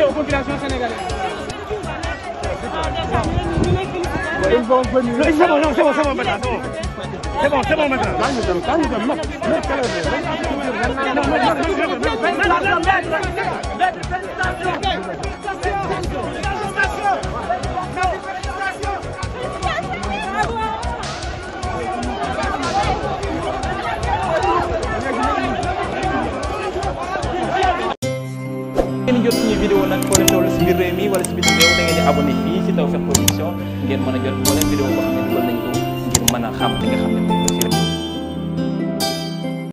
profiter aux populations sénégalaises. C'est bon, c'est bon, c'est bon, c'est bon, c'est bon maintenant. C'est bon, c'est bon maintenant. suñuy vidéo nag foo leen toll si biir réew mi wala si bitim réew da ngeen di abonné fii si Tawfekh Production ngeen mën a jot moo leen vidéo boo xam ne dugal nañ ko ngir mën a xam li nga xam ne